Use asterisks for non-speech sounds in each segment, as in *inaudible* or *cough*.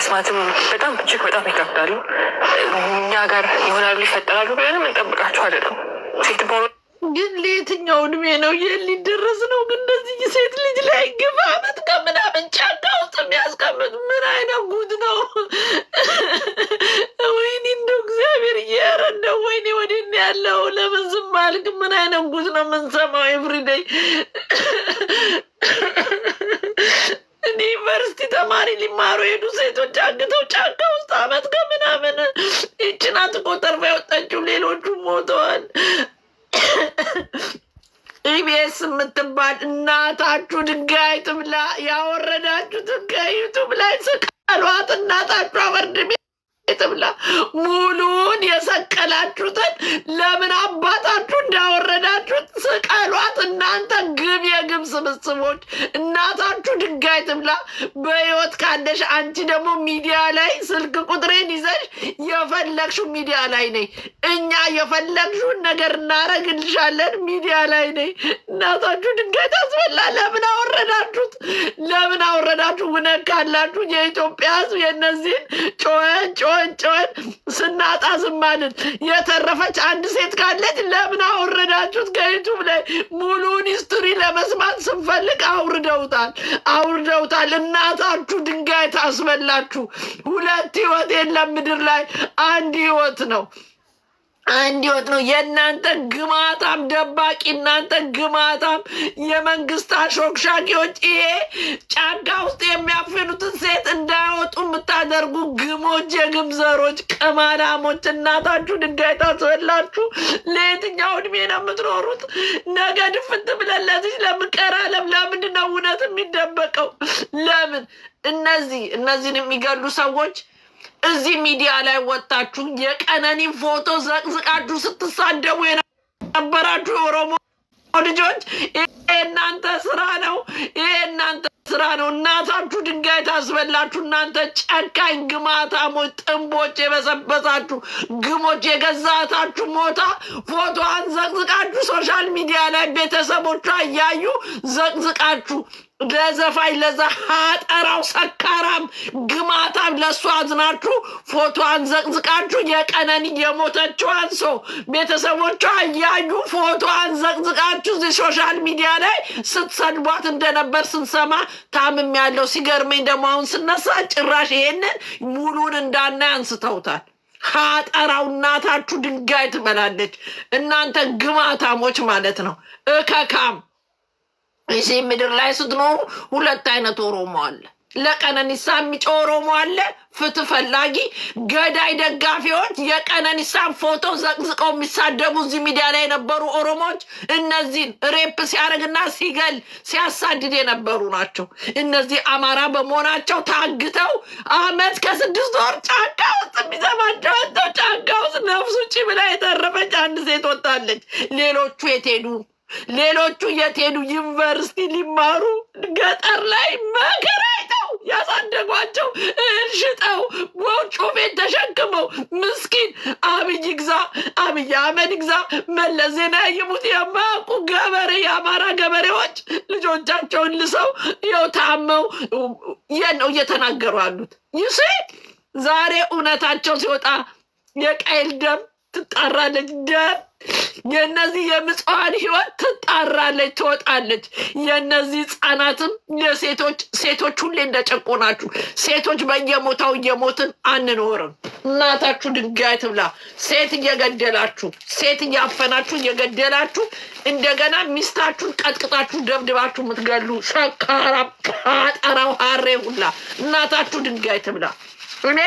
መስማትም በጣም እጅግ በጣም ይከብዳሉ። እኛ ጋር ይሆናሉ ይፈጠራሉ ብለንም እንጠብቃቸው አይደለም። ሴት በሆኑ ግን ለየትኛው እድሜ ነው ይህ ሊደረስ ነው? ግን እንደዚህ ሴት ልጅ ላይ ግፍ አመት ከምናምን ጫካ ውስጥ የሚያስቀምጥ ምን አይነት ጉድ ነው? ወይኔ እንደ እግዚአብሔር እየረዳው ወይኔ ወደ ያለው ለምን ዝም አልክ? ምን አይነት ጉድ ነው የምንሰማው ኤቭሪዴይ ተጨማሪ ሊማሩ ሄዱ ሴቶች አግተው ጫካ ውስጥ አመት ከምናምን ይችናት እኮ ተርፋ የወጣችው ሌሎቹ ሞተዋል። ኢቢኤስ የምትባል እናታችሁ ድንጋይ ትብላ ያወረዳችሁ ድንጋይ ዩቱብ ላይ ስቀሏት። እናታችሁ አበርድሜ ትብላ። ሙሉውን የሰቀላችሁትን ለምን አባታችሁ እንዳወረዳችሁት ስቀ አንተ ግብ የግብ ስብስቦች እናታችሁ ድንጋይ ትብላ። በህይወት ካለሽ አንቺ ደግሞ ሚዲያ ላይ ስልክ ቁጥሬን ይዘሽ የፈለግሽው ሚዲያ ላይ ነይ፣ እኛ የፈለግሽውን ነገር እናረግልሻለን። ሚዲያ ላይ ነይ። እናታችሁ ድንጋይ ታስበላ። ለምን አወረዳችሁት? ለምን አወረዳችሁ? ውነት ካላችሁ የኢትዮጵያ ህዝብ የነዚህን ጮኸን ጮኸን ጮኸን ስናጣ ዝማንን የተረፈች አንድ ሴት ካለች ለምን አወረዳችሁት ከዩቱብ ላይ ሙሉ ሙሉን ሂስቶሪ ለመስማት ስንፈልግ አውርደውታል አውርደውታል። እናታችሁ ድንጋይ ታስበላችሁ። ሁለት ህይወት የለም ምድር ላይ አንድ ህይወት ነው። አንድ ነው። የእናንተ ግማታም ደባቂ፣ እናንተ ግማታም የመንግስት አሾክሻኪዎች፣ ይሄ ጫካ ውስጥ የሚያፍኑትን ሴት እንዳይወጡ የምታደርጉ ግሞች፣ የግምዘሮች፣ ቅማላሞች እናታችሁ ድንጋይ ታስበላችሁ። ለየትኛው እድሜ ነው የምትኖሩት? ነገ ድፍንት ብለለትች ለምቀር አለም እውነት የሚደበቀው? ለምን እነዚህ እነዚህን የሚገሉ ሰዎች እዚህ ሚዲያ ላይ ወጣችሁ የቀነኒን ፎቶ ዘቅዝቃችሁ ስትሳደቡ የነበራችሁ የኦሮሞ ልጆች ይሄ እናንተ ስራ ነው። ይሄ እናንተ ስራ ነው። እናታችሁ ድንጋይ ታስበላችሁ። እናንተ ጨካኝ ግማታሞች፣ ጥንቦች፣ የበሰበሳችሁ ግሞች፣ የገዛታችሁ ሞታ ፎቶዋን ዘቅዝቃችሁ ሶሻል ሚዲያ ላይ ቤተሰቦቿ እያዩ ዘቅዝቃችሁ ለዘፋኝ ለዛ ሀጠራው ሰካራም ግማታም ለእሱ አዝናችሁ ፎቶዋን ዘቅዝቃችሁ የቀነኒ የሞተችዋን ሰው ቤተሰቦቿን ያዩ ፎቶዋን ዘቅዝቃችሁ እዚህ ሶሻል ሚዲያ ላይ ስትሰድቧት እንደነበር ስንሰማ ታምም ያለው ሲገርመኝ ደግሞ አሁን ስነሳ ጭራሽ ይሄንን ሙሉን እንዳናይ አንስተውታል። ሀጠራው እናታችሁ ድንጋይ ትበላለች። እናንተ ግማታሞች ማለት ነው እከካም እዚህ ምድር ላይ ስትኖሩ ሁለት አይነት ኦሮሞ አለ። ለቀነኒሳ የሚጮ ኦሮሞ አለ፣ ፍትህ ፈላጊ ገዳይ ደጋፊዎች፣ የቀነኒሳን ፎቶ ዘቅዝቀው የሚሳደቡ እዚህ ሚዲያ ላይ የነበሩ ኦሮሞዎች እነዚህን ሬፕ ሲያደርግና ሲገል ሲያሳድድ የነበሩ ናቸው። እነዚህ አማራ በመሆናቸው ታግተው አመት ከስድስት ወር ጫካ ውስጥ የሚዘባቸው ጫካ ውስጥ ነፍሱ ጭ ብላ የተረፈች አንድ ሴት ወጣለች። ሌሎቹ የት ሄዱ? ሌሎቹ የት ሄዱ? ዩኒቨርሲቲ ሊማሩ ገጠር ላይ መከራይተው ያሳደጓቸው እህል ሽጠው ቤት ተሸክመው ምስኪን አብይ ግዛ አብይ አህመድ ግዛ መለስ ዜና ይሙት የማያውቁ ገበሬ የአማራ ገበሬዎች ልጆቻቸውን ልሰው ይኸው ታመው ይህን ነው እየተናገሩ አሉት። ይሴ ዛሬ እውነታቸው ሲወጣ የቀይል ደም ትጣራለች። ደም የእነዚህ የምጽዋን ህይወት ትጣራለች፣ ትወጣለች። የእነዚህ ህጻናትም የሴቶች ሴቶች ሁሌ እንደጨቁ ናችሁ። ሴቶች በየሞታው እየሞትን አንኖርም። እናታችሁ ድንጋይ ትብላ። ሴት እየገደላችሁ፣ ሴት እያፈናችሁ እየገደላችሁ፣ እንደገና ሚስታችሁን ቀጥቅጣችሁ ደብድባችሁ የምትገሉ ሸካራ ጠራው ሀሬ ሁላ እናታችሁ ድንጋይ ትብላ እኔ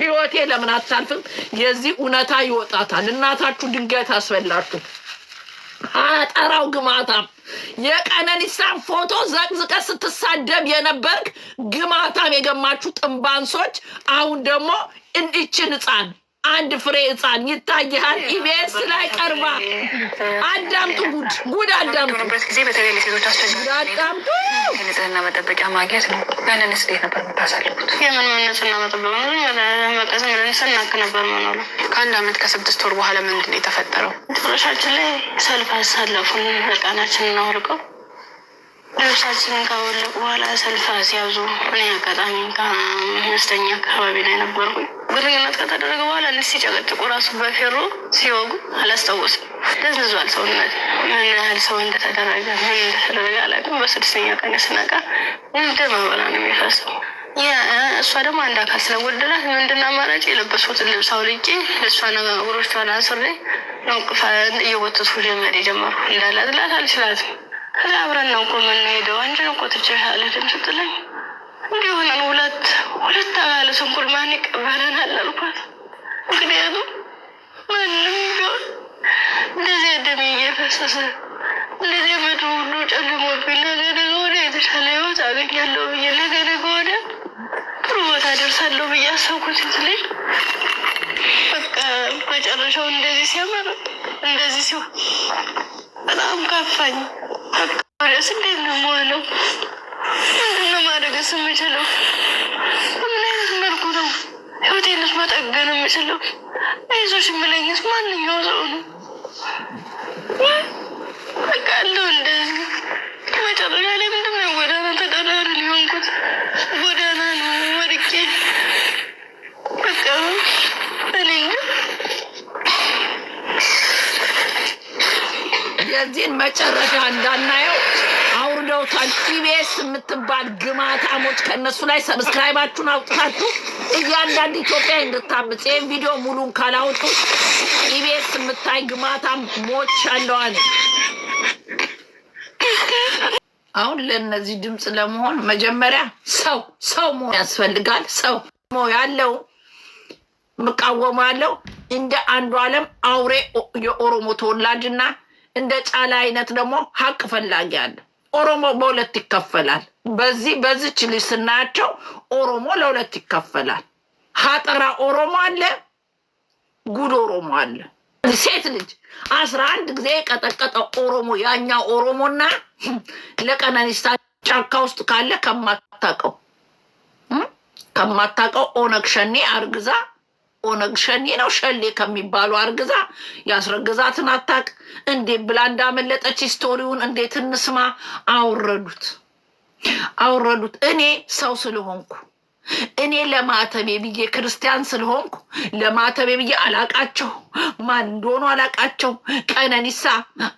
ህይወቴ ለምን አታልፍም? የዚህ እውነታ ይወጣታል። እናታችሁ ድንጋይ ታስበላችሁ። አጠራው ግማታም የቀነኒሳን ፎቶ ዘቅዝቀ ስትሳደብ የነበርክ ግማታም የገማችሁ ጥንባንሶች፣ አሁን ደግሞ እንእችን ህፃን አንድ ፍሬ ህፃን ይታይሃል። ኢቢኤስ ላይ ቀርባ አዳምጡ፣ ጉድ ጉድ አዳምጡ። ጊዜ በተለይ ለሴቶች አስቸጋሪ አዳምጡ። ንጽህና መጠበቂያ ማግኘት ነው። ያንን እንዴት ነበር የምታሳልፉት? የምን ንጽህና መጠበቂያ ስናክ ነበር መኖሩ። ከአንድ አመት ከስድስት ወር በኋላ ምንድን ነው የተፈጠረው? መጨረሻችን ላይ ሰልፍ አሳለፉን፣ እርቃናችንን አውልቀው ልብሳችንን ካወለቁ በኋላ ሰልፍ ሲያዙ እኔ አጋጣሚ ከአምስተኛ አካባቢ ላይ ነበርኩኝ። ግንኙነት ከተደረገ በኋላ እንዲህ ሲጨቀጭቁ ራሱ በፌሮ ሲወጉ አላስታወስም። ደንዝዟል ሰውነት። ምን ያህል ሰው እንደተደረገ ምን እንደተደረገ አላውቅም። በስድስተኛ ቀን ስነቃ ምድር መበላ ነው የሚፈሰው። እሷ ደግሞ አንድ አካል ስለጎደላት ምንድን አማራጭ የለበሱትን ልብስ አውልቄ እሷን እግሮቿን አስሬ ነው እየወተትኩ ጀመር ጀመርኩ እንዳላጥላት አልችላትም አብረን ነው እኮ የምንሄደው። ነው እኮ ትችያለሽ ስትለኝ እንዲሆነን ሁለት ሁለት አባለ ስንኩል ማን ይቀበለናል አልኳት። ምክንያቱም ማንም ቢሆን እንደዚህ ደሜ እየፈሰሰ እንደዚህ ምድር ሁሉ ጨልሞብኝ ነገ ነገ ወዲያ የተሻለ ህይወት አገኛለሁ ብዬ ነገ ነገ ወዲያ ጥሩ ቦታ ደርሳለሁ ብዬ አሰብኩት ስትለኝ በቃ መጨረሻው እንደዚህ ሲያመር እንደዚህ ሲሆን በጣም ከፋኝ። ወደስ እንዴት ነው መሆነው? ምንድነው ማድረግስ የምችለው? በምን አይነት መልኩ ነው ህይወቴንስ መጠገን የምችለው? አይዞሽ የምለኝስ ማንኛው ሰው ነው? በቃ አለው እንደዚህ መጨረሻ ላይ ምንድነው ጎዳና ተዳዳሪ ሊሆንኩት ጎዳና ነው ወድቄ በቃ የዚህን መጨረሻ እንዳናየው አውርደውታል። ኢቢኤስ የምትባል ግማታሞች ከእነሱ ላይ ሰብስክራይባችሁን አውጥታችሁ እያንዳንድ ኢትዮጵያ እንድታምጽ ይህን ቪዲዮ ሙሉን ካላውጡ ኢቢኤስ የምታይ ግማታም ሞች አለዋል። አሁን ለእነዚህ ድምፅ ለመሆን መጀመሪያ ሰው ሰው መሆን ያስፈልጋል። ሰው ያለው የምቃወሙ እንደ አንዱ አለም አውሬ የኦሮሞ ተወላጅና እንደ ጫላ አይነት ደግሞ ሀቅ ፈላጊ አለ። ኦሮሞ በሁለት ይከፈላል። በዚህ በዚች ልጅ ስናያቸው ኦሮሞ ለሁለት ይከፈላል። ሀጠራ ኦሮሞ አለ፣ ጉድ ኦሮሞ አለ። ሴት ልጅ አስራ አንድ ጊዜ የቀጠቀጠ ኦሮሞ ያኛ ኦሮሞና ለቀነኒስታ ጫካ ውስጥ ካለ ከማታቀው ከማታቀው ኦነግ ሸኔ አርግዛ ኦነግ ሸኔ ነው ሸሌ ከሚባሉ አርግዛ ያስረግዛትን አታቅ እንዴ ብላ እንዳመለጠች ስቶሪውን እንዴት እንስማ። አውረዱት አውረዱት። እኔ ሰው ስለሆንኩ እኔ ለማተቤ ብዬ ክርስቲያን ስለሆንኩ ለማተቤ ብዬ አላቃቸው። ማን እንደሆኑ አላቃቸው። ቀነኒሳ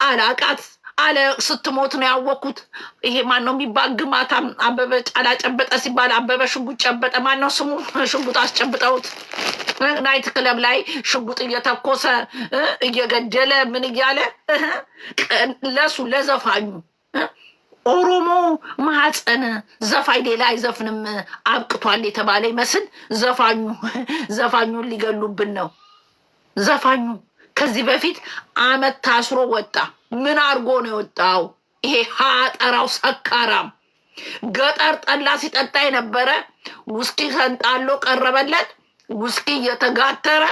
አላቃት አለ ስትሞት ነው ያወቅኩት። ይሄ ማን ነው የሚባል ግማት አበበ ጫላ ጨበጠ ሲባል አበበ ሽጉጥ ጨበጠ። ማን ነው ስሙ? ሽጉጥ አስጨብጠውት ናይት ክለብ ላይ ሽጉጥ እየተኮሰ እየገደለ ምን እያለ ለሱ ለዘፋኙ ኦሮሞ ማህፀን ዘፋኝ ሌላ አይዘፍንም አብቅቷል የተባለ ይመስል ዘፋኙ ዘፋኙን ሊገሉብን ነው ዘፋኙ ከዚህ በፊት አመት ታስሮ ወጣ። ምን አድርጎ ነው የወጣው? ይሄ ሀጠራው ሰካራም ገጠር ጠላ ሲጠጣ የነበረ ውስኪ ሰንጣሎ ቀረበለት። ውስኪ እየተጋተረ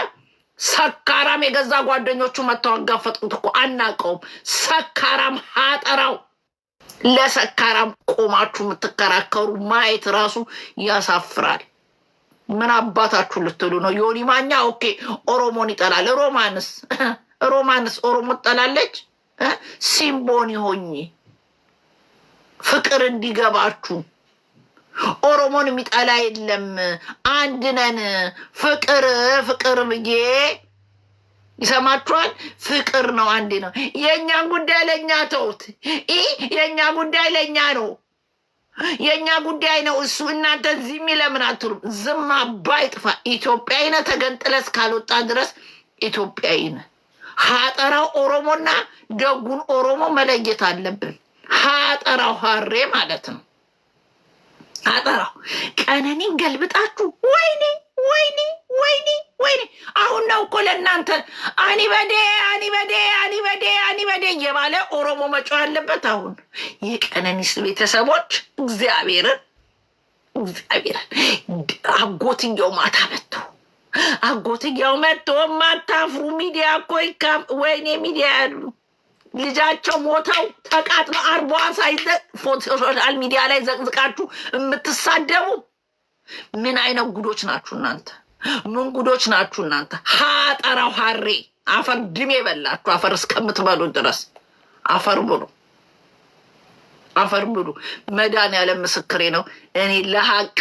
ሰካራም የገዛ ጓደኞቹ መጥተው አጋፈጡት እኮ አናውቀውም። ሰካራም ሀጠራው ለሰካራም ቆማችሁ የምትከራከሩ ማየት ራሱ ያሳፍራል። ምን አባታችሁ ልትሉ ነው? ዮኒ ማኛ ኦኬ፣ ኦሮሞን ይጠላል። ሮማንስ *laughs* ሮማንስ ኦሮሞ ትጠላለች። ሲምቦን ሆኝ ፍቅር እንዲገባችሁ ኦሮሞን የሚጠላ የለም። አንድ ነን። ፍቅር ፍቅር ብዬ ይሰማችኋል። ፍቅር ነው፣ አንድ ነው። የእኛን ጉዳይ ለእኛ ተውት። ይህ የእኛ ጉዳይ ለእኛ ነው። የእኛ ጉዳይ ነው እሱ። እናንተ እዚህ ለምን አትሉም። ዝም አባይ ጥፋ። ኢትዮጵያዊ ነህ ተገንጥለስ ካልወጣ ድረስ ኢትዮጵያዊ ነህ። ሀጠራው ኦሮሞና ደጉን ኦሮሞ መለየት አለብን። ሀጠራው ሀሬ ማለት ነው። ሀጠራው ቀነኒን ገልብጣችሁ ወይኔ ወይኔ ወይኔ ወይኔ! አሁን ነው እኮ ለእናንተ አኒበዴ አኒበዴ አኒበዴ እየባለ ኦሮሞ መጮ ያለበት አሁን የቀነኒስ ቤተሰቦች እግዚአብሔርን እግዚአብሔርን አጎትየው ማታ መጥቶ አጎትየው መጥቶ ማታፍሩ ሚዲያ እኮ ወይኔ ሚዲያ ያሉ ልጃቸው ሞተው ተቃጥሎ አርቧ ሳይዘ ሶሻል ሚዲያ ላይ ዘቅዝቃችሁ የምትሳደቡ ምን አይነት ጉዶች ናችሁ እናንተ? ምን ጉዶች ናችሁ እናንተ? ሀጠራው ሀሬ አፈር ድሜ የበላችሁ አፈር እስከምትበሉ ድረስ አፈር ብሉ፣ አፈር ብሉ። መድኃኒዓለም ምስክሬ ነው። እኔ ለሀቅ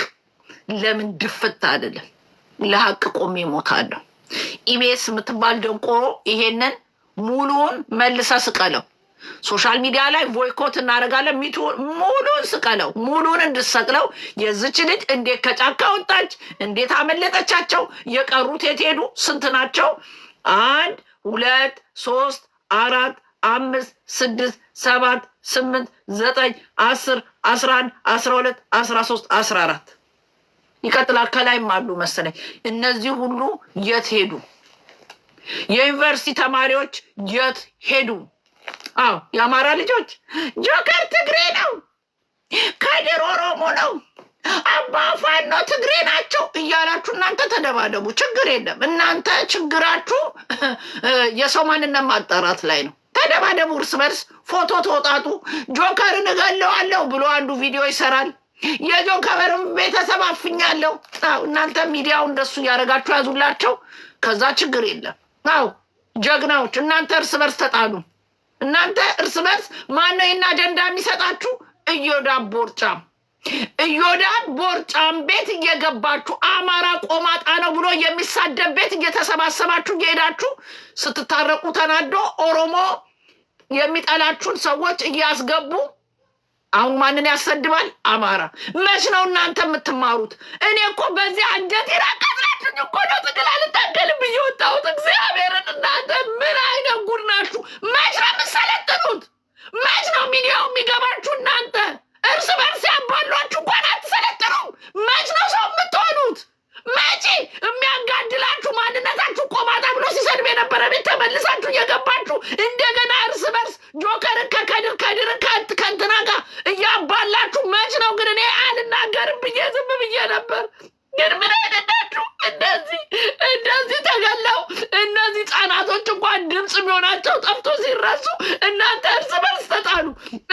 ለምን ድፍት አይደለም፣ ለሀቅ ቆሜ እሞታለሁ። ኢቢኤስ የምትባል ደንቆሮ ይሄንን ሙሉውን መልሰ ስቀለው። ሶሻል ሚዲያ ላይ ቦይኮት እናደርጋለን። ሚቱ ሙሉን ስቀለው፣ ሙሉን እንድሰቅለው። የዝች ልጅ እንዴት ከጫካ ወጣች? እንዴት አመለጠቻቸው? የቀሩት የት ሄዱ? ስንት ናቸው? አንድ ሁለት ሶስት አራት አምስት ስድስት ሰባት ስምንት ዘጠኝ አስር አስራ አንድ አስራ ሁለት አስራ ሶስት አስራ አራት ይቀጥላል። ከላይም አሉ መሰለኝ። እነዚህ ሁሉ የት ሄዱ? የዩኒቨርሲቲ ተማሪዎች የት ሄዱ? አዎ የአማራ ልጆች ጆከር ትግሬ ነው፣ ከድር ኦሮሞ ነው፣ አባ ፋኖ ትግሬ ናቸው። እያላችሁ እናንተ ተደባደቡ፣ ችግር የለም። እናንተ ችግራችሁ *laughs* የሰው ማንነት ማጣራት ላይ ነው። ተደባደቡ እርስ በርስ ፎቶ ተወጣጡ። ጆከርን እገለዋለሁ ብሎ አንዱ ቪዲዮ ይሰራል። የጆከርም ቤተሰብ አፍኛለሁ። እናንተ ሚዲያው እንደሱ እያደረጋችሁ ያዙላቸው። ከዛ ችግር የለም። አዎ ጀግናዎች፣ እናንተ እርስ በርስ ተጣሉ። እናንተ እርስ በርስ ማነው ይህን አጀንዳ የሚሰጣችሁ? እዮዳብ ቦርጫም ኢዮዳብ ቦርጫም ቤት እየገባችሁ አማራ ቆማጣ ነው ብሎ የሚሳደብ ቤት እየተሰባሰባችሁ እየሄዳችሁ ስትታረቁ ተናዶ ኦሮሞ የሚጠላችሁን ሰዎች እያስገቡ አሁን ማንን ያሰድባል? አማራ መች ነው እናንተ የምትማሩት? እኔ እኮ በዚህ አንጀት ይራቀጥላችሁኝ እኮ ነው ትግል አልታገልም እየወጣሁት እግዚአብሔርን። እናንተ ምን አይነት ጉድ ናችሁ? መች ነው የምሰለጥኑት? መች ነው ሚዲያው የሚገባችሁ እናንተ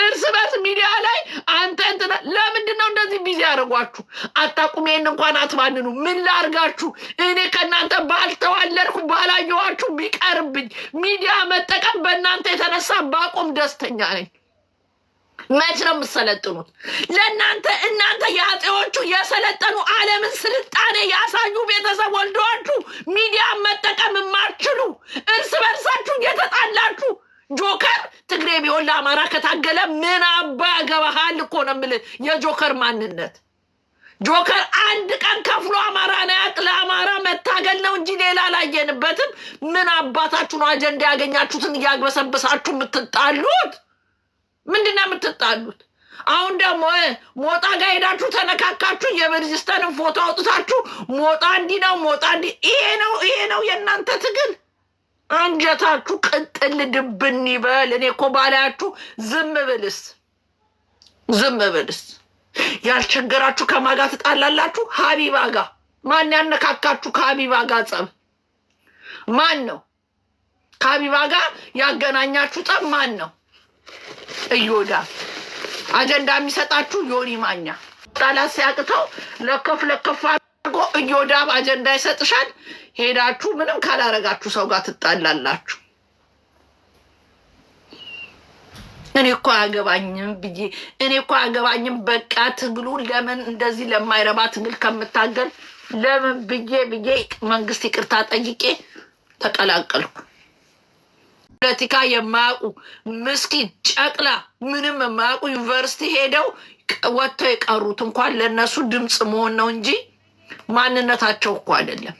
እርስ በርስ ሚዲያ ላይ አንተ እንትና ለምንድን ነው እንደዚህ ቢዚ ያደረጓችሁ? አታቁም። ይህን እንኳን አትባንኑ። ምን ላርጋችሁ? እኔ ከእናንተ ባልተዋለድኩ ባላየኋችሁ ቢቀርብኝ ሚዲያ መጠቀም በእናንተ የተነሳ ባቆም ደስተኛ ነኝ። መች ነው የምትሰለጥኑት? ለእናንተ እናንተ የአጼዎቹ የሰለጠኑ ዓለምን ስልጣኔ ያሳዩ ቤተሰብ ወልደዋችሁ ሚዲያ መጠቀም የማትችሉ እርስ በርሳችሁ የተጣላችሁ ጆከር እኔም ቢሆን ለአማራ ከታገለ ምን አባ ገባሃል እኮ ነው የምልህ። የጆከር ማንነት ጆከር አንድ ቀን ከፍሎ አማራ ነው ያቅ ለአማራ መታገል ነው እንጂ ሌላ አላየንበትም። ምን አባታችሁ ነው አጀንዳ ያገኛችሁትን እያግበሰበሳችሁ የምትጣሉት? ምንድን ነው የምትጣሉት? አሁን ደግሞ ሞጣ ጋር ሄዳችሁ ተነካካችሁ፣ የበርጅስተንን ፎቶ አውጥታችሁ ሞጣ እንዲህ ነው ሞጣ እንዲህ ይሄ ነው ይሄ ነው የእናንተ ትግል። አንጀታችሁ ቅጥል ድብን ይበል። እኔ እኮ ባላያችሁ ዝም ብልስ ዝም ብልስ ያልቸገራችሁ ከማጋ ትጣላላችሁ። ሀቢባ ጋ ማን ያነካካችሁ? ከሀቢባ ጋ ጸብ ማን ነው? ከሀቢባ ጋ ያገናኛችሁ ጸብ ማን ነው? እዮዳ አጀንዳ የሚሰጣችሁ ዮኒ ማኛ ጣላት ሲያቅተው ለከፍ ለከፋ አድርጎ እዮዳብ አጀንዳ ይሰጥሻል። ሄዳችሁ ምንም ካላረጋችሁ ሰው ጋር ትጣላላችሁ። እኔ እኮ አያገባኝም ብዬ እኔ እኮ አያገባኝም በቃ ትግሉ ለምን እንደዚህ ለማይረባ ትግል ከምታገል ለምን ብዬ ብዬ መንግስት ይቅርታ ጠይቄ ተቀላቀልኩ። ፖለቲካ የማያውቁ ምስኪን ጨቅላ ምንም የማያውቁ ዩኒቨርሲቲ ሄደው ወጥተው የቀሩት እንኳን ለእነሱ ድምፅ መሆን ነው እንጂ ማንነታቸው እኮ አይደለም።